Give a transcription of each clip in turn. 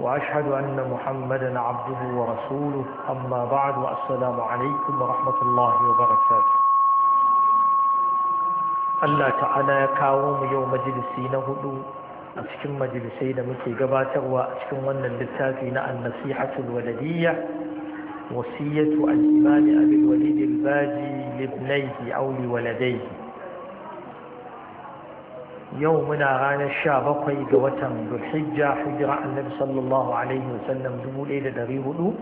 وأشهد أن محمدا عبده ورسوله أما بعد والسلام عليكم ورحمة الله وبركاته الله تعالى كاوم يوم مجلسين هدو أسكن مجلسين مكي قباتا وأسكن من اللتاكين النصيحة الولدية وصية الإمام أبي الوليد الباجي لابنيه أو لولديه yau muna ranar sha bakwai ga watan zulhijja hijira annabi sallallahu alaihi wasallam dubu ɗaya da ɗari hudu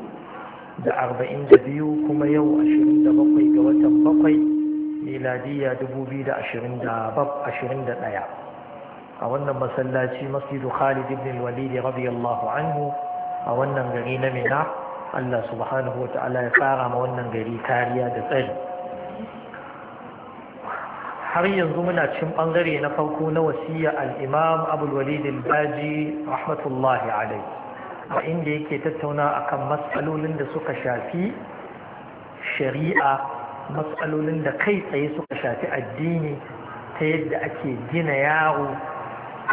da arba'in da biyu kuma yau ashirin da bakwai ga watan bakwai miladiya dubu biyu da ashirin da bab, ashirin da ɗaya a wannan masallaci masjidu khalid ibn walid radiyallahu anhu a wannan gari na mina allah subhanahu wa ta'ala ya tsara ma wannan gari kariya da tsari har yanzu muna cin bangare na farko na wasiya al-imam abul al-baji rahmatullahi alai a inda yake tattauna akan matsalolin da suka shafi shari'a matsalolin da kai tsaye suka shafi addini ta yadda ake gina yaro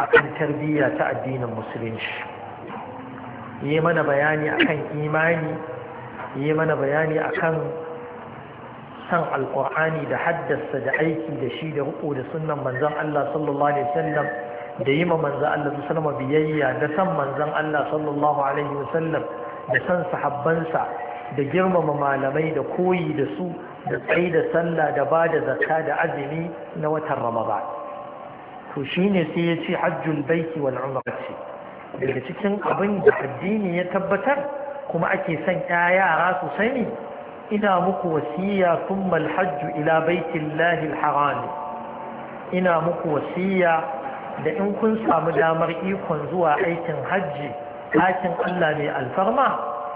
akan tarbiyya ta addinin musulunci yi mana bayani akan imani yi mana bayani akan san alƙur'ani da haddasa da aiki da shi da riko da sunan manzan Allah sallallahu alaihi wasallam da yi ma manzon Allah sallama biyayya da san manzan Allah sallallahu alaihi wasallam da san sahabbansa da girmama malamai da koyi da su da tsayi da sallah da ba da zakka da azumi na watan ramadan to shine sai ya ce hajjul baiti wal umrati daga cikin abin da addini ya tabbatar kuma ake son yara su sani ina muku wasiya tun malhajju ila baitillahi alharam ina muku wasiya da in kun samu damar ikon zuwa aikin hajji ɗakin Allah ne alfarma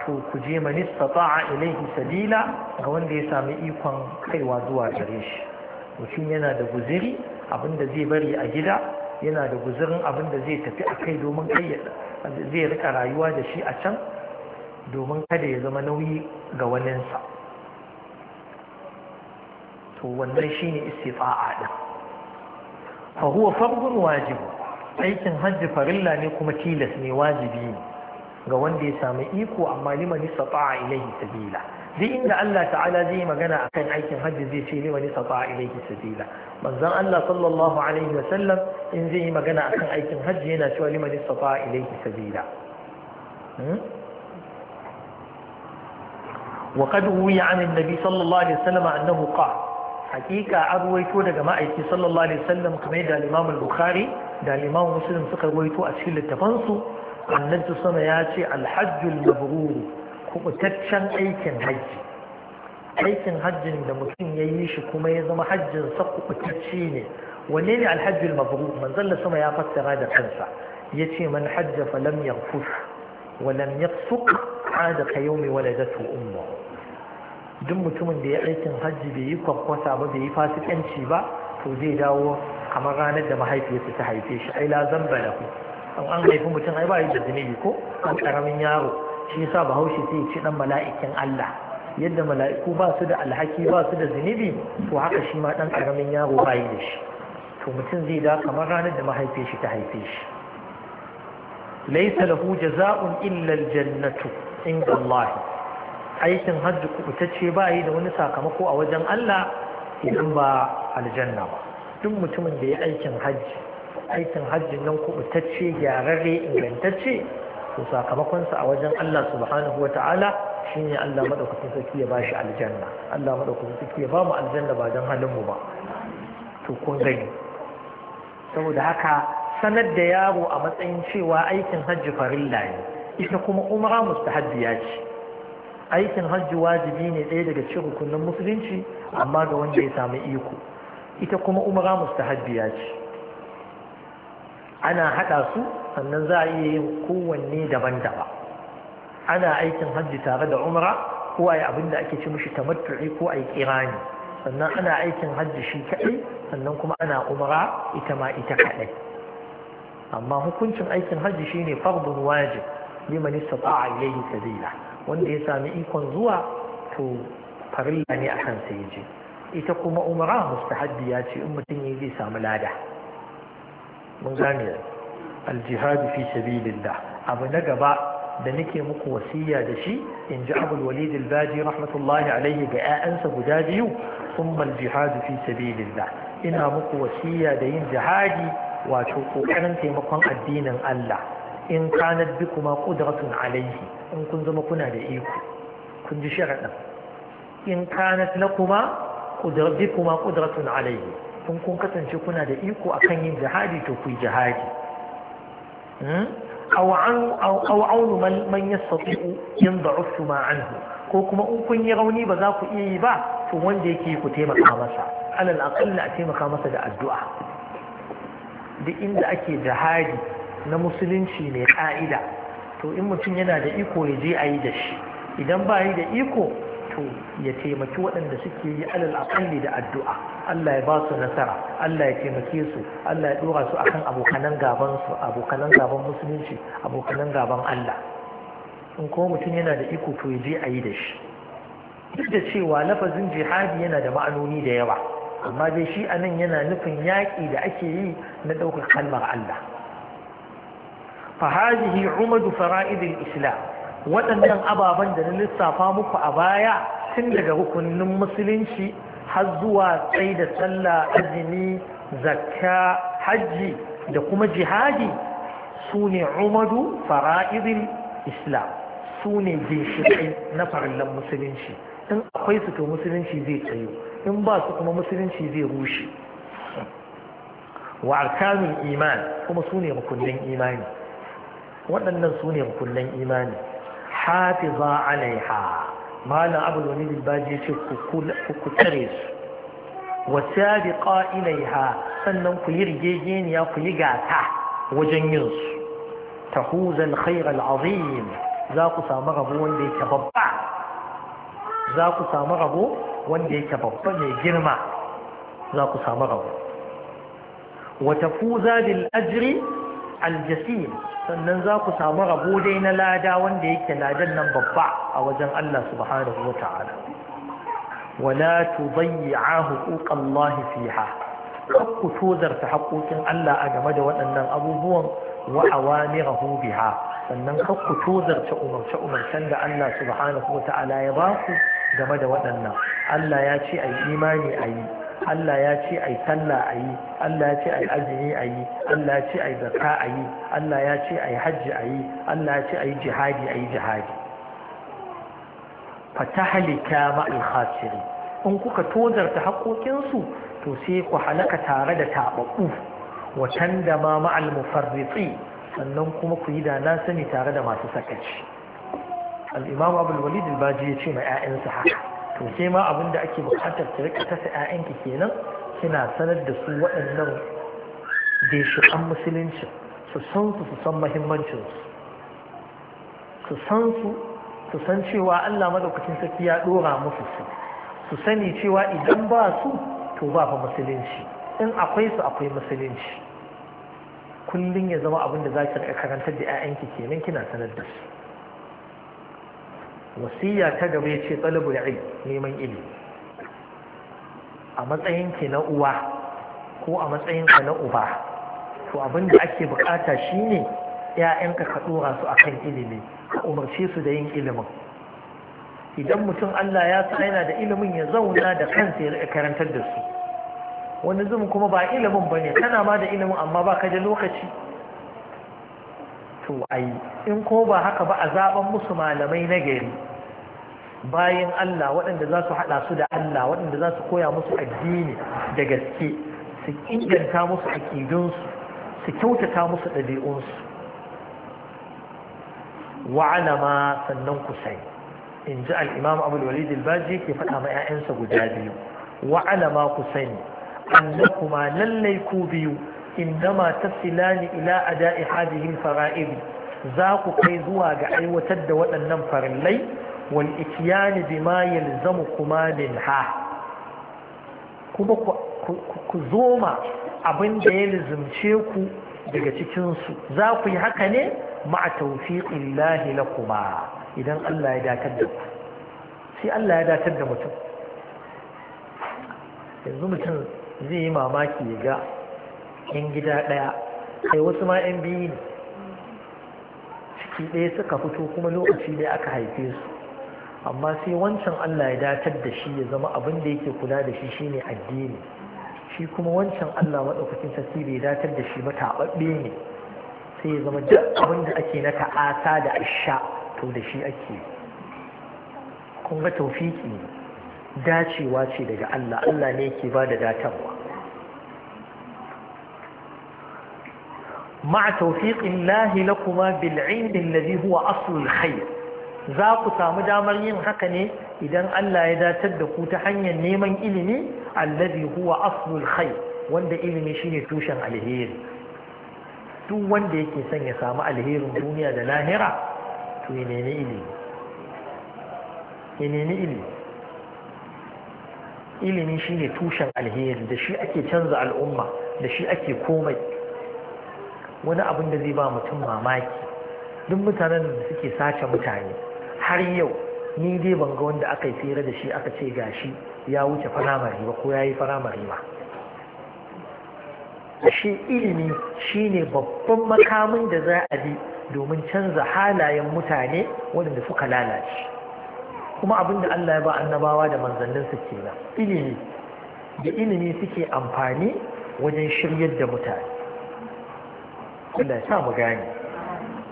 to ku je man istata'a ilaihi sabila ga wanda ya sami ikon kaiwa zuwa gare shi mutum yana da guziri abinda zai bari a gida yana da guzirin abinda zai tafi a kai domin zai rika rayuwa da shi a can domin kada ya zama nauyi ga waninsa to wannan shine istifa'a din fa huwa fardun wajib aikin hajji farilla ne kuma tilas ne wajibi ne ga wanda ya samu iko amma liman istifa'a ilaihi sabila duk inda Allah ta'ala zai magana akan aikin hajji zai ce liman istifa'a ilaihi sabila manzon Allah sallallahu alaihi wa sallam in zai yi magana akan aikin hajji yana cewa liman istifa'a ilaihi sabila وقد روي عن النبي صلى الله عليه وسلم أنه قال hakika an ruwaito daga ma'aiki sallallahu alaihi wasallam kamar da al bukhari da al-imam muslim suka ruwaito a cikin littafan su annabi sama ya ce al mabrur kubutaccen aikin hajji aikin hajjin da mutum ya yi shi kuma ya zama hajjin sa kubutacce ne wanne ne al-hajjul mabrur manzon sama ya fassara da kansa yace man hajja falam yaghfush wa lam yafsuq عاد كيوم ولدته أمه duk mutumin da ya aikin hajji bai yi kwakwasa ba bai yi fasikanci ba to zai dawo kamar ranar da mahaifiyarsa ta haife shi ai la zamba da ku an an haifi mutum ai ba yi da zunubi ko an karamin yaro shi yasa bahaushe sai ci dan mala'ikin Allah yadda mala'iku ba su da alhaki ba su da zunubi to haka shi ma dan karamin yaro ba yi da shi to mutum zai da kamar ranar da mahaifiyar shi ta haife shi laysa lahu jaza'un illa illar jannatu inda Allah aikin hajji kubutacce ba yi da wani sakamako a wajen Allah idan ba aljanna ba duk mutumin da ya aikin hajji aikin hajji nan kubutacce gyararre ingantacce to sakamakonsa a wajen Allah subhanahu wa ta'ala shine Allah madaukakin sarki ya bashi aljanna Allah madaukakin sarki ya ba mu aljanna ba don halin mu ba to kun gani saboda haka sanar da yaro a matsayin cewa aikin hajji farilla ne ita kuma umara mustahabbiya ce aikin hajji wajibi ne ɗaya daga cikin rukunin musulunci amma ga wanda ya samu iko ita kuma umara mustahabbiya ce ana haɗa su sannan za a iya yin kowanne daban-daban ana aikin hajji tare da umara ko a yi abin da ake ci mishi tamattu'i ko a yi kirani sannan ana aikin hajji shi kaɗai sannan kuma ana umara ita ma ita kaɗai amma hukuncin aikin hajji shine fardun wajib liman istata'a ilayhi sabila wanda ya sami ikon zuwa to farilla ne a kansa ya je ita kuma umara mustahabbi ya ce in mutum ya zai samu lada mun gane aljihadu fi sabilillah abu na gaba da nake muku wasiya da shi in ji abul walid al-baji rahmatullahi alaihi ga 'ya'yansa guda biyu kuma al-jihadu fi sabilillah ina muku wasiya da yin jihadi wato kokarin taimakon addinin Allah in kanat bikuma qudratun alaihi in kun zama kuna da iko kun ji sharaɗin in kanat na kuma ƙudarbi kuma ƙudratun alayhi kun kun kasance kuna da iko akan yin jihadi to ku yi jihadi hmm? aw aunu man yin in da'uftu ma anhu ko kuma in kun yi rauni ba za ku iya yi ba to wanda yake ku taimaka masa alal aqalla a taimaka masa da addu'a duk inda ake jihadi na musulunci mai ƙa'ida. to in mutum yana da iko ya je a yi da shi idan ba yi da iko to ya taimaki waɗanda suke yi alal aƙalli da addu'a Allah ya ba su nasara Allah ya taimake su Allah ya ɗora su akan abokanan gaban su abokanan gaban musulunci abokanan gaban Allah in kuma mutum yana da iko to ya je a yi da shi duk da cewa lafazin jihadi yana da ma'anoni da yawa amma dai shi anan yana nufin yaƙi da ake yi na ɗaukar kalmar Allah فهذه عمد فرائد الإسلام waɗannan ababen da na lissafa muku a baya tun daga rukunin musulunci har zuwa tsaye da sallah azumi zakka hajji da kuma jihadi su ne umadu fara'idin islam su ne na farallan musulunci in akwai su to musulunci zai tsayo in ba su kuma musulunci zai rushe wa arkanin iman kuma su ne makullin imani waɗannan su ne mukullan imani hafiza alaiha malam abu wani bilbaji ce ku tare su wata bi ƙa'ilaiha sannan ku yi rigegeniya ku yi gata wajen yin su ta huzal khairal azim za ku samu rabo wanda yake babba za ku samu rabo wanda yake babba mai girma za ku samu rabo wata fuza bil ajri al jasim sannan za ku samu rabo dai na lada wanda yake ladan nan babba a wajen Allah subhanahu wa ta'ala wala tudayyi'a huquqan Allah fiha ku tozarta haƙoƙin Allah a game da waɗannan abubuwan wa awamirahu biha sannan ku tozarta umarce umarcen da Allah subhanahu wa ta'ala ya ba ku game da waɗannan Allah ya ce ayi imani ayi Allah ya ce ai sallah a yi Allah ya ce ai azumi a yi Allah ya ce ai zakka a yi Allah ya ce ai hajji a yi Allah ya ce ai jihadi a yi jihadi fatahalika ma'al khasiri in kuka tozarta haƙoƙinsu to sai ku halaka tare da taɓaɓɓu watan da ma ma'al mufarritsi sannan kuma ku yi da na sani tare da masu sakaci al'imam abul walid al-baji ya ce ma 'ya'yansa haka to sai ma abin da ake bukatar ta rika tasa 'ya'yanki kenan kina sanar da su waɗannan an musulunci su san su su san muhimmancin su su san su su san cewa Allah madaukakin sarki ya dora musu su su sani cewa idan ba su to ba fa musulunci in akwai su akwai musulunci kullum ya zama abin da za ki karantar da 'ya'yanki kenan kina sanar da su wasiya ta gaba ya ce ya ilm neman ilimi a matsayin na uwa ko a matsayin ka na uba to abin da ake bukata shine 'ya'yanka ka dora su akan ilimi ka umarce su da yin ilimin idan mutum Allah ya sa yana da ilimin ya zauna da kansa ya karantar da su wani zum kuma ba ilimin bane kana ma da ilimin amma ka da lokaci to ai in ko ba haka ba a zaben musu malamai na gari bayan Allah waɗanda za su haɗa su da Allah waɗanda za su koya musu addini da gaske su inganta musu aƙidunsu su kyautata musu ɗabi'unsu wa'alama sannan ku sai in ji al'imam abu walid al-baji ke faɗa ma 'ya'yansa guda biyu wa'alama ku sani annakuma lallai ku biyu innama tasilani ila ada'i hadihil fara'id za ku kai zuwa ga aiwatar da waɗannan farillai wal bi ma yalzamu kuma minha kuma ku zoma abin da ya lizumce ku daga cikinsu za ku yi haka ne ma'a taufiƙin lahi kuma idan Allah ya datar da ku sai Allah ya dakar da mutum yanzu mutum zai yi mamaki ya ga yan gida ɗaya kai wasu ma yan biyu ne ciki ɗaya suka fito kuma lokaci ne aka haife su amma sai wancan Allah ya datar da shi ya zama abin da yake kula da shi shine addini shi kuma wancan Allah maɗaukakin sarki bai datar da shi ba taɓaɓɓe ne sai ya zama duk abin da ake na ta'asa da asha to da shi ake kun ga taufiki dacewa ce daga Allah Allah ne yake ba da datarwa مع توفيق الله لكما بالعلم الذي هو أصل الخير za ku samu damar yin haka ne idan Allah ya datar da ku ta hanyar neman ilimi allazi huwa aslul khair wanda ilimi shine tushen alheri duk wanda yake son ya samu alherin duniya da lahira to ya nemi ilimi ya nemi ilimi ilimi shine tushen alheri da shi ake canza al'umma da shi ake komai wani abin da zai ba mutum mamaki duk mutanen da suke sace mutane har yau ni dai ban ga wanda aka yi da shi aka ce gashi ya wuce firamare ba ko ya yi firamare ba shi ilimi shine babban makamin da za a bi domin canza halayen mutane waɗanda suka lalace kuma abinda Allah ya ba annabawa da ke kenan ilimi da ilimi suke amfani wajen shiryar da mutane Allah ya sa mu gane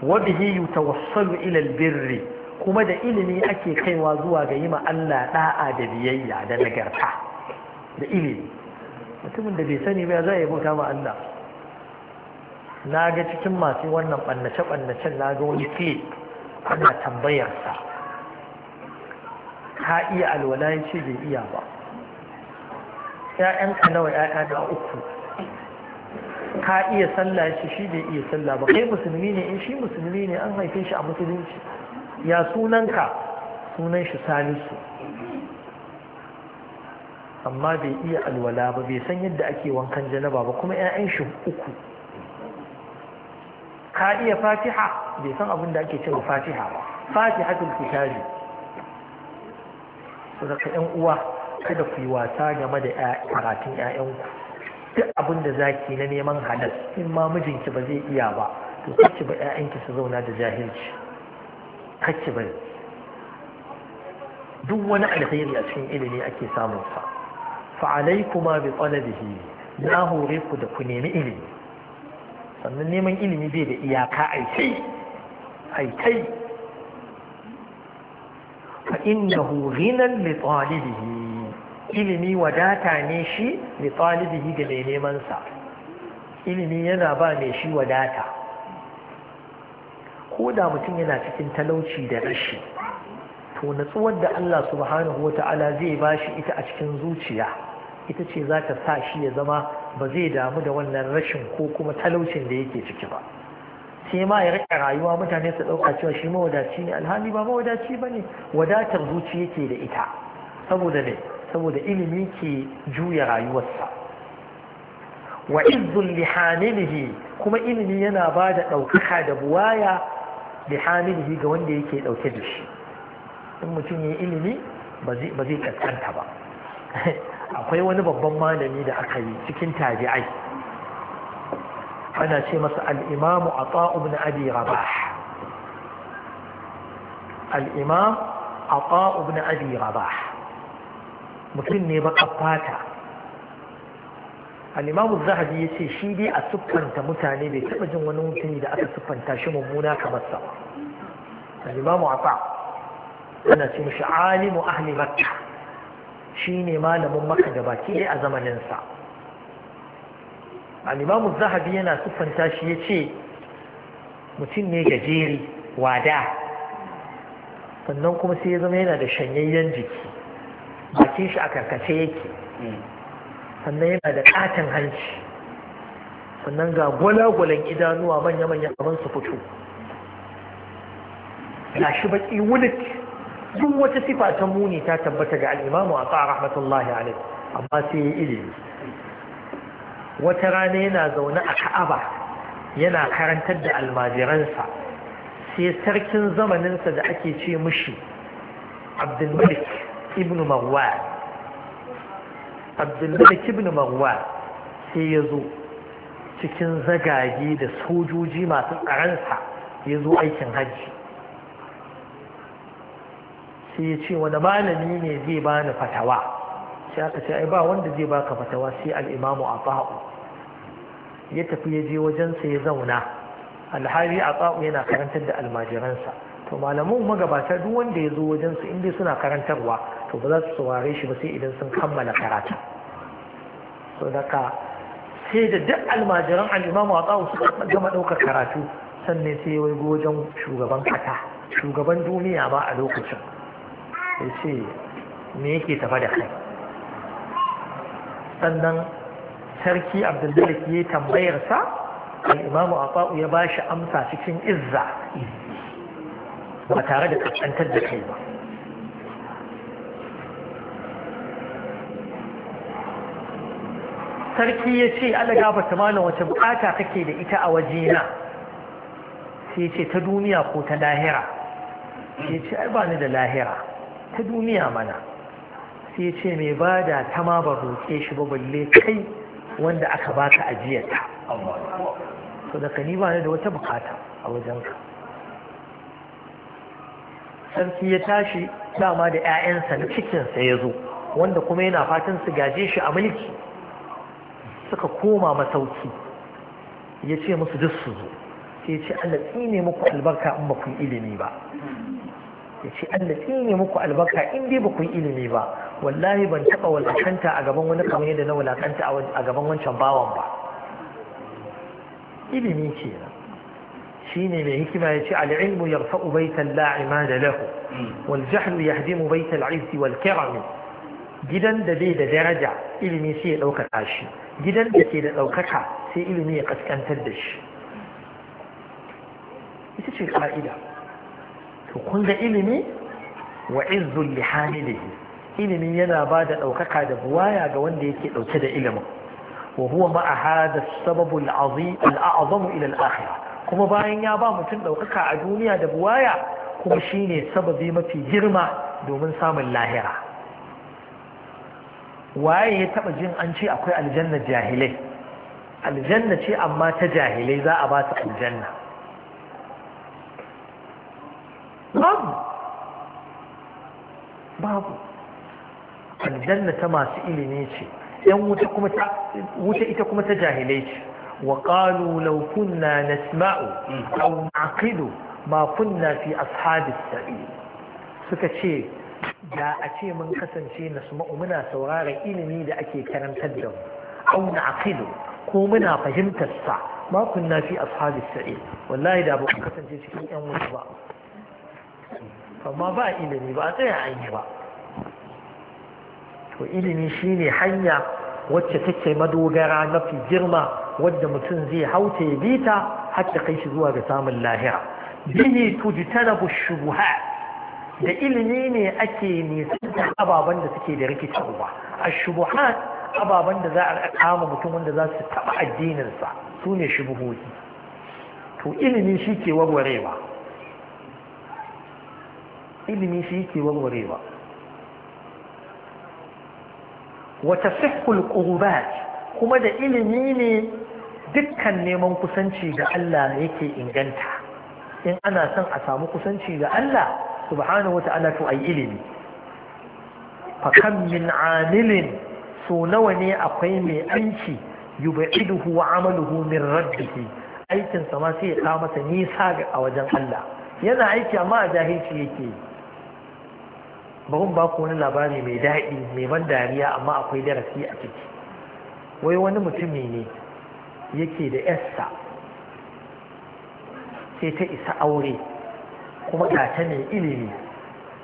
wa bihi yutawassalu ila albirri kuma da ilimi ake kaiwa zuwa ga yi Allah da'a da biyayya da nagarta da ilimi mutumin da bai sani ba za a yi bauta ma Allah na ga cikin masu wannan ɓannace-ɓannacen na ga wani fiye ana tambayarsa ka iya alwala ya ce bai iya ba ‘ya'yanka nawa ‘ya'ya na uku ka iya sallah ya ce shi bai iya sallah ba kai musulmi ne in eh, shi musulmi ne an haife shi a musulunci ya sunanka sunan shi salisu amma bai iya alwala ba bai san yadda ake wankan janaba ba kuma 'ya'yan shi uku ka iya fatiha bai san abin da ake cewa fatiha ba fatiha tun kitabi su daga 'yan uwa kada ku yi wasa game da karatun 'ya'yanku duk abin da zaki na neman hadas in ma mijinki ba zai iya ba to ki ba 'ya'yanki su zauna da jahilci kacce bari duk wani alheri a cikin ilimi ake samun sa fa alaikuma bi talabihi na hore ku da ku nemi ilimi sannan neman ilimi bai da iyaka aikai aikai fa innahu ghinan li talibihi ilimi wadata ne shi li talibihi da mai neman sa ilimi yana ba mai shi wadata ko da mutum yana cikin talauci da rashi to natsuwar da Allah subhanahu wata'ala ta'ala zai bashi ita a cikin zuciya ita ce za ta sa shi ya zama ba zai damu da wannan rashin ko kuma talaucin da yake ciki ba sai ma ya rika rayuwa mutane su ɗauka cewa shi mawadaci ne alhali ba mawadaci ba ne wadatar zuci yake da ita saboda ne saboda ilimi ke juya rayuwarsa wa izzul lihanilihi kuma ilimi yana ba da ɗaukaka da buwaya bi hamilihi ga wanda yake dauke da shi in mutum ya ilimi ba zai kaskanta ba akwai wani babban malami da aka yi cikin tabi'ai ana ce masa al'imamu a ta'ubin abi rabah al'imam a ubna abi rabah mutum ne baka fata al'imamu zahabi ya ce shi dai a siffanta mutane bai taɓa jin wani mutumi da aka siffanta shi mummuna kamar sa al'imamu afa ana ce mishi alimu ahli makka shi ne malamin maka da baki ɗaya a zamaninsa al'imamu zahabi yana siffanta shi ya ce mutum ne gajeri wada sannan kuma sai ya zama yana da shanyayyen jiki bakin shi a karkace yake hmm. sannan yana da katon hanci sannan ga gwalagwalan idanuwa manya-manya abin su fito ga shi baki wulit duk wata sifa ta muni ta tabbata ga al'imamu a tsara rahmatullahi amma sai ya ilimi wata rana yana zaune a ka'aba yana karantar da almajiransa sai sarkin zamaninsa da ake ce mushi abdulmalik ibn marwan abdullahi ibn marwan sai ya zo cikin zagage da sojoji masu tsaransa ya zo aikin hajji sai ya ce wani malami ne zai bani fatawa sai aka ce ai ba wanda zai baka fatawa sai al'imamu a ba'u ya tafi ya je wajensa ya zauna alhari a ba'u yana karantar da almajiransa to malamun magabata duk wanda ya zo wajensu inda suna karantarwa to ba za su saurare shi ba sai idan sun kammala karatu so daga sai da duk almajiran al'imamu a tsawo suka gama ɗaukar karatu sannan sai ya waigo wajen shugaban kata shugaban duniya ba a lokacin ya ce me yake tafa da kai sannan sarki abdulmalik ya tambayarsa al'imamu a tsawo ya ba shi amsa cikin izza ba tare da kaskantar da kai ba sarki ya ce ala ta mana wace bukata kake da ita a wajena sai ce ta duniya ko ta lahira sai ce ai ba ni da lahira ta duniya mana sai ce mai da ta ma ba roƙe shi ba balle kai wanda aka ba ka ajiyarta so da kani ba ni da wata bukata a wajenka sarki ya tashi dama da 'ya'yansa na cikinsa ya zo wanda kuma yana fatan su gaje shi a mulki suka koma masauki ya ce musu duk su zo sai ya ce Allah tsine muku albarka in ba ilimi ba ya ce Allah tsine muku albarka in dai ba ilimi ba wallahi ban taɓa walakanta a gaban wani kamar yadda na walakanta a gaban wancan bawan ba ilimi kenan shi ne mai hikima ya ce al'ilmu yarfa'u baitan la'ima da lahu wal jahlu yahdimu baital izzi wal kirami gidan da bai da daraja ilimi sai ya ɗaukaka shi gidan da ke da ɗaukaka sai ilimi ya ƙaskantar da shi ita ce ƙa'ida to kun ga ilimi wa izzul li hamilihi ilimi yana ba da ɗaukaka da buwaya ga wanda yake ɗauke da ilimin wa huwa ma'a hada sababu al'azamu ila al'akhirah kuma bayan ya ba mutum ɗaukaka a duniya da buwaya kuma shine sababi mafi girma domin samun lahira waye ya taba jin an ce akwai aljanna jahilai aljanna ce amma ta jahilai za a ba su aljanna babu babu aljanna ta masu ilimi ce yan wuta ita kuma ta jahilai ce wa qalu law kunna nasma'u mm. aw naqilu ma kunna fi ashabis sa'ir suka ce da a ce mun kasance na muna sauraron ilimi da ake karantar da mu au na aqilu ko muna fahimtar sa ma kunna fi ashabi sa'id wallahi da ba kasance cikin yan wuta ba amma ba ilimi ba a tsaya an yi ba to ilimi shine hanya wacce take madogara mafi girma wadda mutum zai hauta ya bita har ta kai shi zuwa ga samun lahira bihi tujtanabu shubuhat da ilimi ne ake nisan ababen da suke da rikitarwa a shubuha ababen da za a kama mutum wanda za su taɓa addininsa su ne shubuhohi to ilimi shi ke warwarewa ilimi shi ke warwarewa wata sihkul ƙurubat kuma da ilimi ne dukkan neman kusanci ga Allah yake inganta in ana son a samu kusanci ga Allah subhanahu wata'ala to ai ilimi fa kam min amilin so nawa ne akwai mai aiki yub'iduhu wa amaluhu min rabbihi aikin sa ma sai ya masa nisa a wajen Allah yana aiki amma a jahilci yake bari ba ku wani labari mai daɗi mai ban dariya amma akwai darasi a ciki wai wani mutumi ne yake da yarsa sai ta isa aure kuma ga ta ne ilimi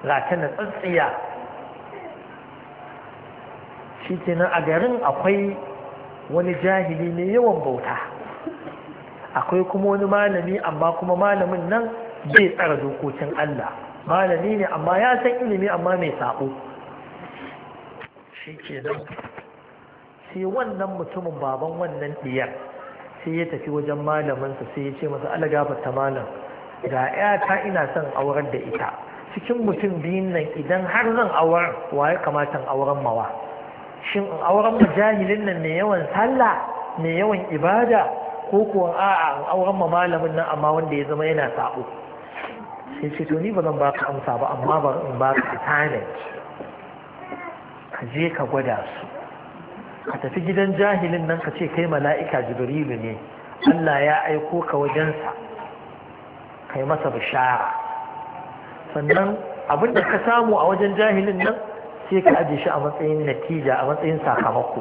ga ta na tsatsiya shi kenan a garin akwai wani jahili mai yawan bauta akwai kuma wani malami amma kuma malamin nan zai tsara dokokin Allah malami ne amma ya san ilimi amma mai sabo shi kenan sai wannan mutumin baban wannan diyar sai ya tafi wajen malaminsa sai ya ce masa alagafa ta malam ga ‘yata ina son aurar da ita cikin mutum biyun nan idan har zan auren wa kamata auren mawa shin auren jahilin nan mai yawan sallah mai yawan ibada ko kuwa a'a auren ma malamin nan amma wanda ya zama yana sabo sai ce to ni ba zan baka amsa ba amma ba in baka talent ka je ka gwada su ka tafi gidan jahilin nan ka ce kai mala'ika jibrilu ne Allah ya aiko ka wajensa kai masa bishara sannan abin ka samu a wajen jahilin nan sai ka aje shi a matsayin natija a matsayin sakamako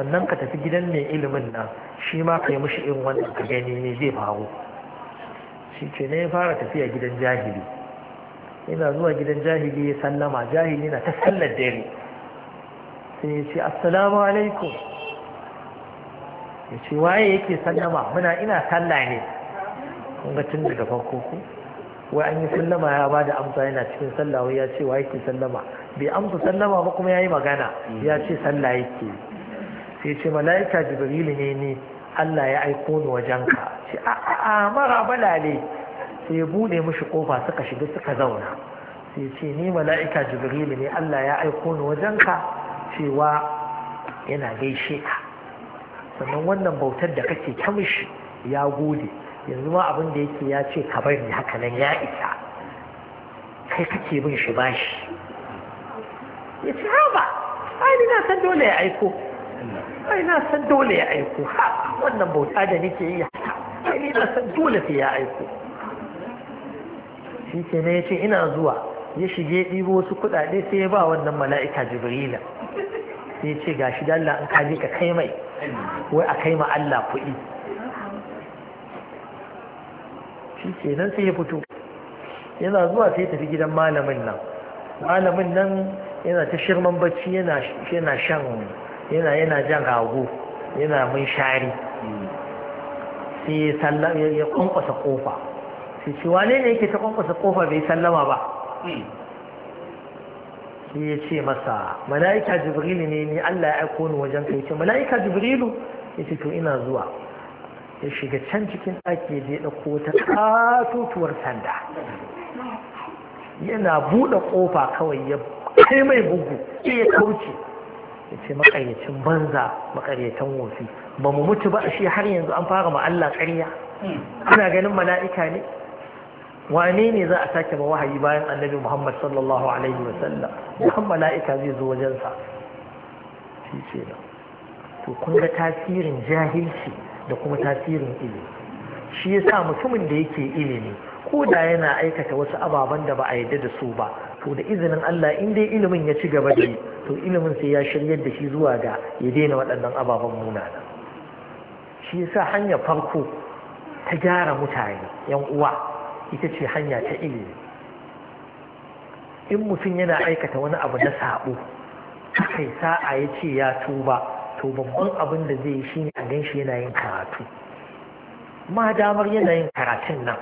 sannan ka tafi gidan mai ilimin nan shi ma ka yi irin wannan ka gani ne zai faru shi ce ne fara tafiya gidan jahili yana zuwa gidan jahili ya sallama jahili na ta sallar dare sai ya ce assalamu alaikum ya ce waye yake sallama muna ina sallah ne Kunga ga tun daga farko ku wai an yi sallama ya ba da amsa yana cikin sallah ya ce wa yake sallama bai amsa sallama ba kuma ya yi magana ya ce sallah yake sai ce mala'ika Jibril ne ni Allah ya aiko ni wajenka ce a a a mara balale sai ya bude mishi kofa suka shiga suka zauna sai ce ni mala'ika Jibril ne Allah ya aiko ni wajenka cewa yana gaishe ka sannan wannan bautar da kake ta mishi ya gode yanzu ma abin da yake ya ce ka bari haka nan ya isa kai kake bin shi bashi ya ce haba ai na san dole ya aiko ai na san dole ya aiko ha wannan bauta da nake yi ai ni na san dole sai ya aiko shi ke ne ya ce ina zuwa ya shige ɗibo wasu kuɗaɗe sai ya ba wannan mala'ika jibrila sai ya ce gashi dalla an kaje ka kai mai wai a kai ma Allah kuɗi kenan sai ya fito yana zuwa sai tafi gidan malamin nan malamin nan yana ta shirman bacci yana shan yana yana jan rago yana mun shari sai ya kwankwasa kofa sai ce wane ne yake ta kwankwasa kofa bai sallama ba sai ya ce masa mala'ika jibrilu ne ni Allah ya aiko ni wajen kai ce mala'ika jibrilu ya ce to ina zuwa ya shiga can cikin ɗaki je ɗauko ta katotuwar sanda yana buɗe ƙofa kawai ya kai mai bugu ya kauce ya ce makaryacin banza makaryatan wofi ba mu mutu ba shi har yanzu an fara ma'alla ƙarya ana ganin mala'ika ne wane ne za a sake ma wahayi bayan annabi muhammad sallallahu alaihi wasallam kan mala'ika zai zo wajensa shi ce to kun tasirin jahilci da kuma tasirin ilimi shi yasa mutumin da yake ilimi ko da yana aikata wasu ababen da ba a yarda da su ba to da izinin Allah in dai ilimin ya ci gaba da to ilimin sai ya shiryar da shi zuwa ga ya daina waɗannan ababen munana shi yasa hanya farko ta gyara mutane yan uwa ita ce hanya ta ilimi in mutum yana aikata wani abu na sabo kai sa'a ya ce ya tuba to babban abin da zai yi shi ne a gan shi yana yin karatu ma damar yana yin karatun nan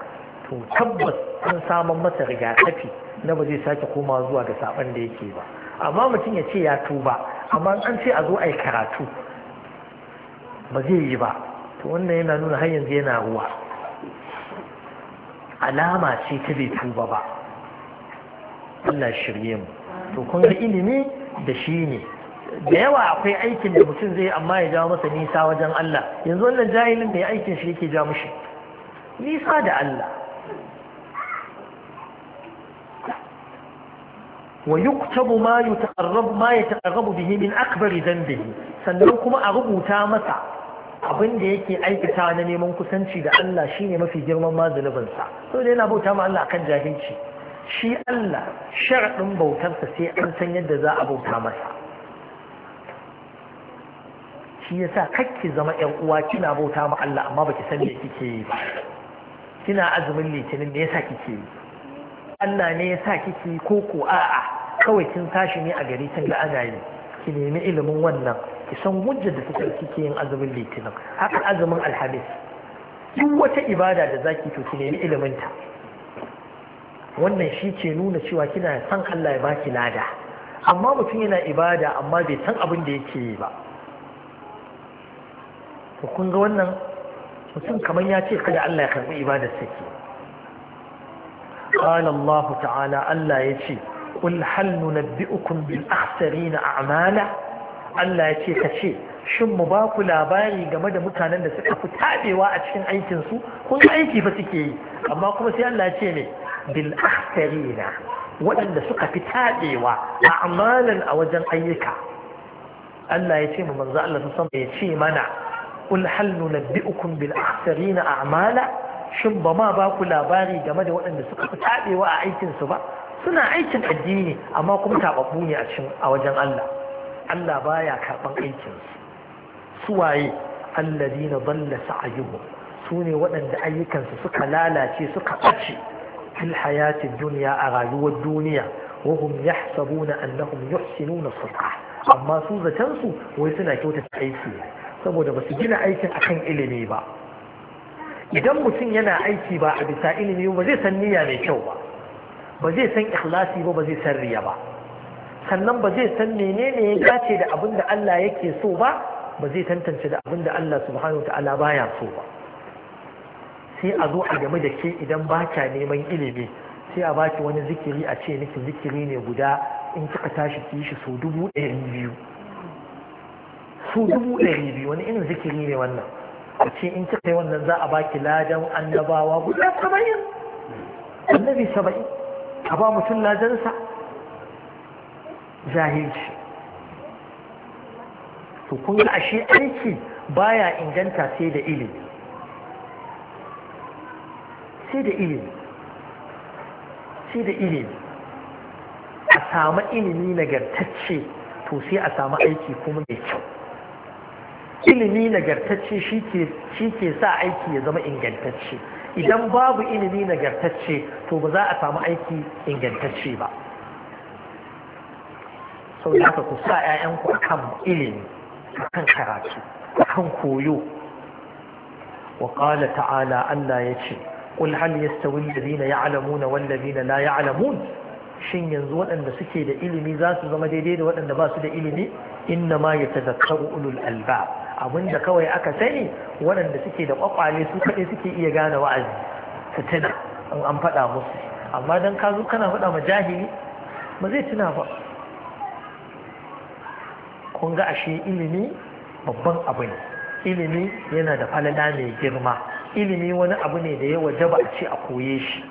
to tabbas an samun masa rigakafi na ba zai sake koma zuwa ga saban da yake ba amma mutum ya ce ya tuba amma an ce a zo a yi karatu ba zai yi ba to wannan yana nuna har yanzu yana ruwa alama ce ta bai tuba ba Allah shirye mu to kun ga ilimi da shi ne da yawa akwai aikin da mutum zai amma ya jawo masa nisa wajen Allah yanzu wannan jahilin da ya aikin shi yake ja mushi nisa da Allah wa yuktabu ma yutaqarrab ma yataqarrabu bihi min akbar dhanbihi sannan kuma a rubuta masa abin da yake aikata na neman kusanci da Allah shine mafi girman mazalubin sa so yana bauta ma Allah akan jahilci shi Allah sharadin bautarsa sai an san yadda za a bauta masa shi yasa kakki zama yan uwa kina bauta ma Allah amma baki san me kike yi ba kina azumin litinin me yasa kike yi Allah ne yasa kike ko ko a'a kawai kin tashi ne a gari kin ga ana yi ki nemi ilimin wannan ki san hujjar da take kike yin azumin litinin haka azumin alhamis duk wata ibada da zaki to ki nemi ilimin ta wannan shi ke nuna cewa kina san Allah ya baki lada amma mutum yana ibada amma bai san abin da yake yi ba to kun ga wannan mutum kamar ya ce kada Allah ya karbi ibadar sa ke ta'ala Allah ya ce qul hal nunabbi'ukum bil akhsarina a'mala Allah ya ce ka ce shin mu baku labari game da mutanen da suka fi tabewa a cikin aikin su kun aiki fa suke yi amma kuma sai Allah ya ce ne bil akhsarina waɗanda suka fi tabewa a amalan a wajen ayyuka Allah ya ce mu manzo Allah ya ce mana قل هل ننبئكم a أعمالا shin ba ma ba ku labari game da waɗanda suka fi taɓewa a aikinsu ba suna aikin addini amma kuma taɓaɓɓu ne a wajen Allah Allah baya karɓan aikinsu suwaye alladina dalla sa'ayuhu su ne waɗanda ayyukansu suka lalace suka ɓace fil hayatin duniya a rayuwar duniya wa hum yahsabuna annahum yuhsinuna sun'a amma su zatansu wai suna kyautata aiki saboda ba su gina aikin akan ilimi ba idan mutum yana aiki ba a bisa ilimi ba zai san niyya mai kyau ba ba zai san ikhlasi ba ba zai san riya ba sannan ba zai san menene ya dace da abin da Allah yake so ba ba zai tantance da abin da Allah subhanahu ta'ala baya so ba sai a zo a game da ke idan ba ka neman ilimi sai a baki wani zikiri a ce niki zikiri ne guda in kika tashi kishi shi so dubu ɗari biyu su dubu ɗari biyu wani irin zikiri ne wannan a ce in kika yi wannan za a baki ladan annabawa guda saba'in annabi saba'in a ba mutum ladansa jahilci to kun ga ashe aiki baya inganta sai da ilimi sai da ilimi sai da ilimi a samu ilimi nagartacce to sai a samu aiki kuma mai kyau ilimi nagartacce shi ke sa aiki ya zama ingantacce idan babu ilimi nagartacce to ba za a samu aiki ingantacce ba sau da ku sa 'ya'yanku a akan ilimi a kan karatu a kan koyo وقال تعالى ألا يتشي قل هل يستوي الذين يعلمون والذين لا يعلمون shin yanzu waɗanda suke da ilimi za su zama daidai da waɗanda ba su da ilimi inna ma ya tazakkaru ulul alba abinda kawai aka sani waɗanda suke da kwakwale su kaɗai suke iya gane wa'azi su tuna in an faɗa musu amma don ka zo kana faɗa ma jahili ba zai tuna ba kun ga ashe ilimi babban abu ne ilimi yana da falala mai girma ilimi wani abu ne da ya wajaba a ce a koye shi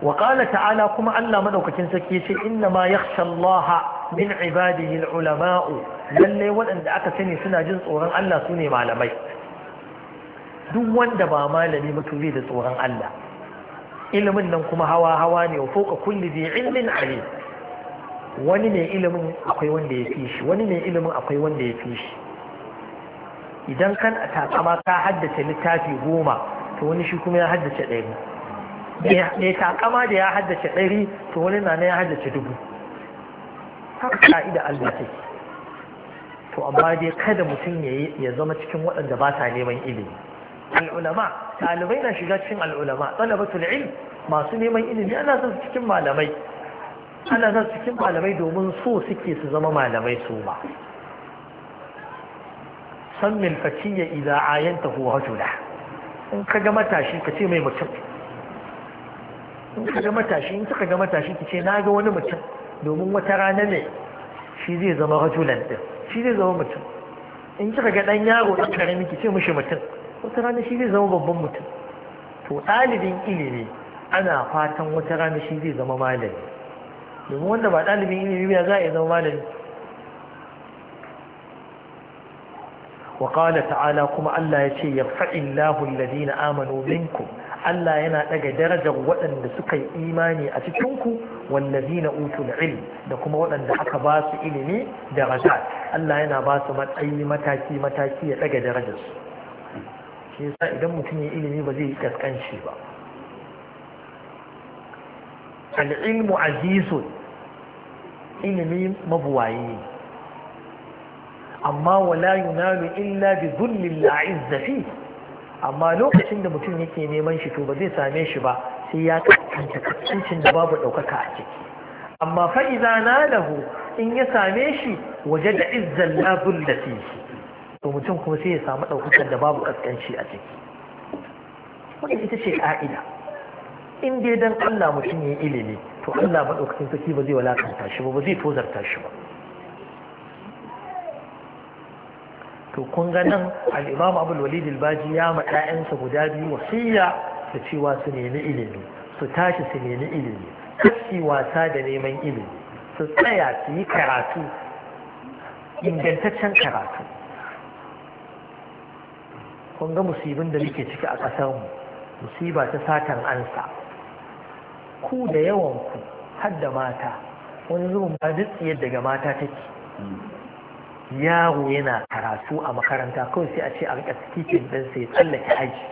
wa ta'ala kuma Allah madaukakin sarki yace inna ma yakhsha Allah min ibadihi al lallai lalle waɗanda aka sani suna jin tsoron Allah su ne malamai duk wanda ba malami mutum bai da tsoron Allah ilimin nan kuma hawa hawa ne wa fauka kulli bi ilimin ali wani ne ilimin akwai wanda ya fi shi wani ne ilimin akwai wanda ya fi shi idan kan a takama ka haddace littafi goma to wani shi kuma ya haddace ɗari ne takama da ya haddace ɗari to wani na ya haddace dubu haka ka'ida Allah to amma dai kada mutum ya zama cikin waɗanda ba ta neman ilimi al'ulama ɗalibai na shiga cikin al'ulama ɗalabatul ilm masu neman ilimi ana son cikin malamai ana son cikin malamai domin so suke su zama malamai su ba san min fakiyya idza ayanta huwa juna. in ka ga matashi ka ce mai mutum in ka ga matashi in ka ga matashi ki ce na ga wani mutum domin wata rana ne shi zai zama rajulan din shi zai zama mutum in kika ga dan yaro dan karami ki ce mishi mutum wata rana shi zai zama babban mutum to dalibin ilimi ana fatan wata rana shi zai zama malami domin wanda ba dalibin ilimi ba za a iya zama malami وقال تعالى كما الله ya يرفع yafa'illahu alladhina amanu minkum Allah yana ɗaga darajar waɗanda suka yi imani a cikinku wallazina utul ilm da kuma waɗanda aka ba su ilimi daraja. Allah yana ba su matsayi mataki mataki ya ɗaga darajar su shi yasa idan mutum ya ilimi ba zai yi kaskanci ba al-ilmu azizun ilimi mabuwayi amma wala yunalu illa bi dhullil a'izzati amma lokacin da mutum yake neman shi to ba zai same shi ba sai ya kanta kacincin da babu ɗaukaka a ciki amma fa'iza na lahu in ya same shi waje da izzan labun da to mutum kuma sai ya samu ɗaukakar da babu ƙasƙanci a ciki wani ita ce ƙa'ida in dai dan Allah mutum ya yi ilimi to Allah maɗaukacin saki ba zai walakanta shi ba ba zai tozarta shi ba to kun ga nan al abu abul walid al-baji ya ma ‘yansa guda biyu wasiya da cewa su nemi ilimi su tashi su nemi ilimi ci wasa da neman ilimi su tsaya su yi karatu ingantaccen karatu kun ga musibin da muke ciki a ƙasarmu, musiba ta satan ansa ku da yawanku ku har da mata wani zuwan ba duk daga mata take yaro yana karatu a makaranta kawai sai a ce a rika titin dan sai tsallake haji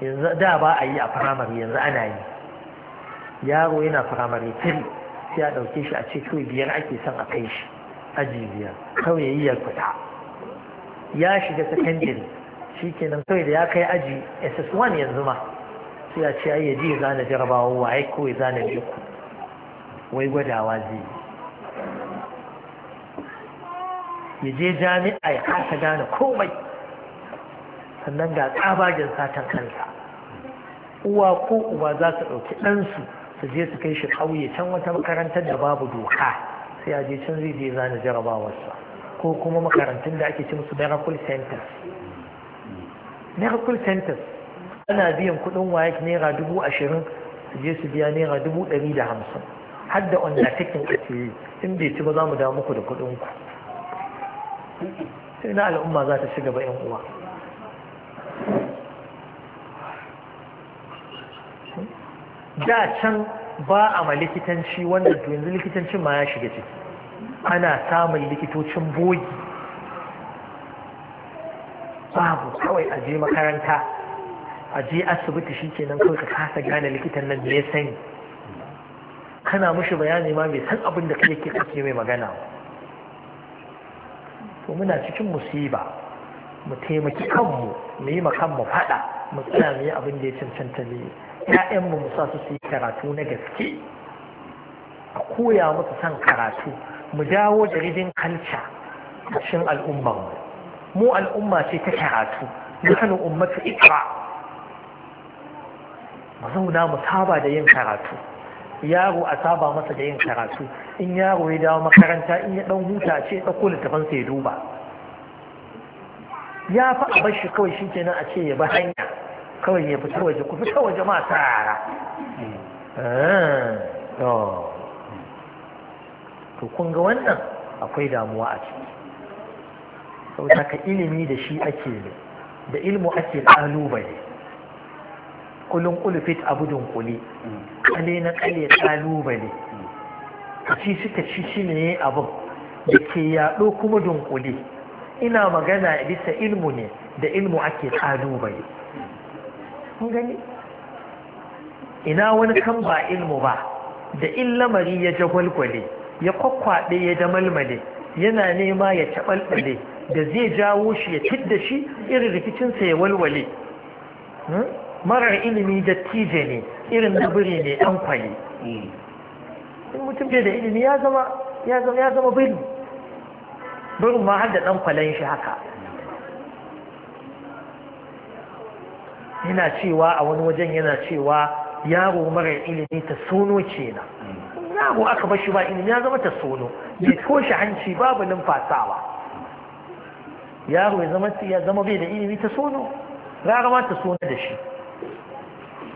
yanzu da ba a yi a firamare yanzu ana yi yaro yana firamare tiri sai a ɗauke shi a ce kawai biyar ake son a kai shi aji biyar kawai ya yi ya fita ya shiga sakandare shi kenan kawai da ya kai aji ss1 yanzu ma sai a ce ai ya ji ya zana jarabawa waye kawai zana biyu wai gwadawa zai yi ya je jami'a ya kasa gane komai sannan ga tsabagen satan kansa uwa ko uwa za su ɗauki ɗansu su je su kai shi ƙauye can wata makarantar da babu doka sai a je can zai je zana jarabawarsa ko kuma makarantun da ake ce musu miracle centers miracle centers ana biyan kuɗin waye naira dubu ashirin su je su biya naira dubu ɗari da hamsin har da undertaking ake yi in bai ci ba za mu damu ku da kuɗin ku sai na al'umma za ta ci gaba yan uwa da can ba a ma likitanci wanda yanzu likitancin ma ya shiga ciki ana samun likitocin bogi babu kawai a je makaranta a je asibiti shi kenan kawai ka kasa gane likitan nan ne ya sani kana mushi bayani ma mai san abin da kake kake mai magana ba to muna cikin musiba mu taimaki kanmu mu yi mu faɗa mu tsaya mu yi abin da ya cancanta ne Ya'yan mu sa su su yi karatu na gaske a koya musu san karatu mu dawo jaridin kalca a cikin al'ummar mu Mu al'umma ce ta karatu hannun ummatu ikra mu zauna mu saba da yin karatu yaro a saba masa da yin karatu in yaro ya dawo makaranta in ya dan huta ce ɗauko littafin sai ya duba ya fa a bashi kawai shi kenan a ce ya bi hanya kawai ya fita waje ku fita waje ma yara eh, to kun ga wannan akwai damuwa a ciki saboda ka ilimi da shi ake da ilmu ake kalubale kulun ulufit abu dunkuli kale na kale kalubale ci suka ci shi ne abin da ke yaɗo kuma dunkule ina magana bisa ilmu ne da ilmu ake kalubale kun gani ina wani kan ba ilmu ba da in lamari ya ja jagwalgwale ya kwakwaɗe ya da malmale, yana nema ya taɓalɓale da zai jawo shi ya tidda shi irin rikicinsa ya walwale hmm? marar ilimi da tije ne irin na biri ne an kwaye mm. in mutum bai da ilimi ya zama ya zama biri birin ma har da dan kwalen shi haka yana cewa a wani wajen yana cewa yaro marar ilimi ta sono na, mm. yaro aka bashi ba ilimi ya zama ta sono ya toshe hanci babu numfasawa yaro ya zama ya zama bai da ilimi ta sono rarama ma ta sono da shi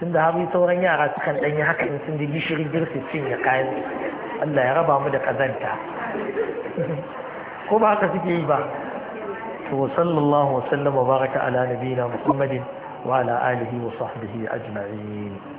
tun da habi sauran yara sukan ɗanyi haka in sun ji gishiri girsi cin ya kayan Allah ya raba mu da kazanta ko ba haka suke yi ba to sallallahu wa wa baraka ala nabina muhammadin wa ala alihi wa sahbihi ajma'in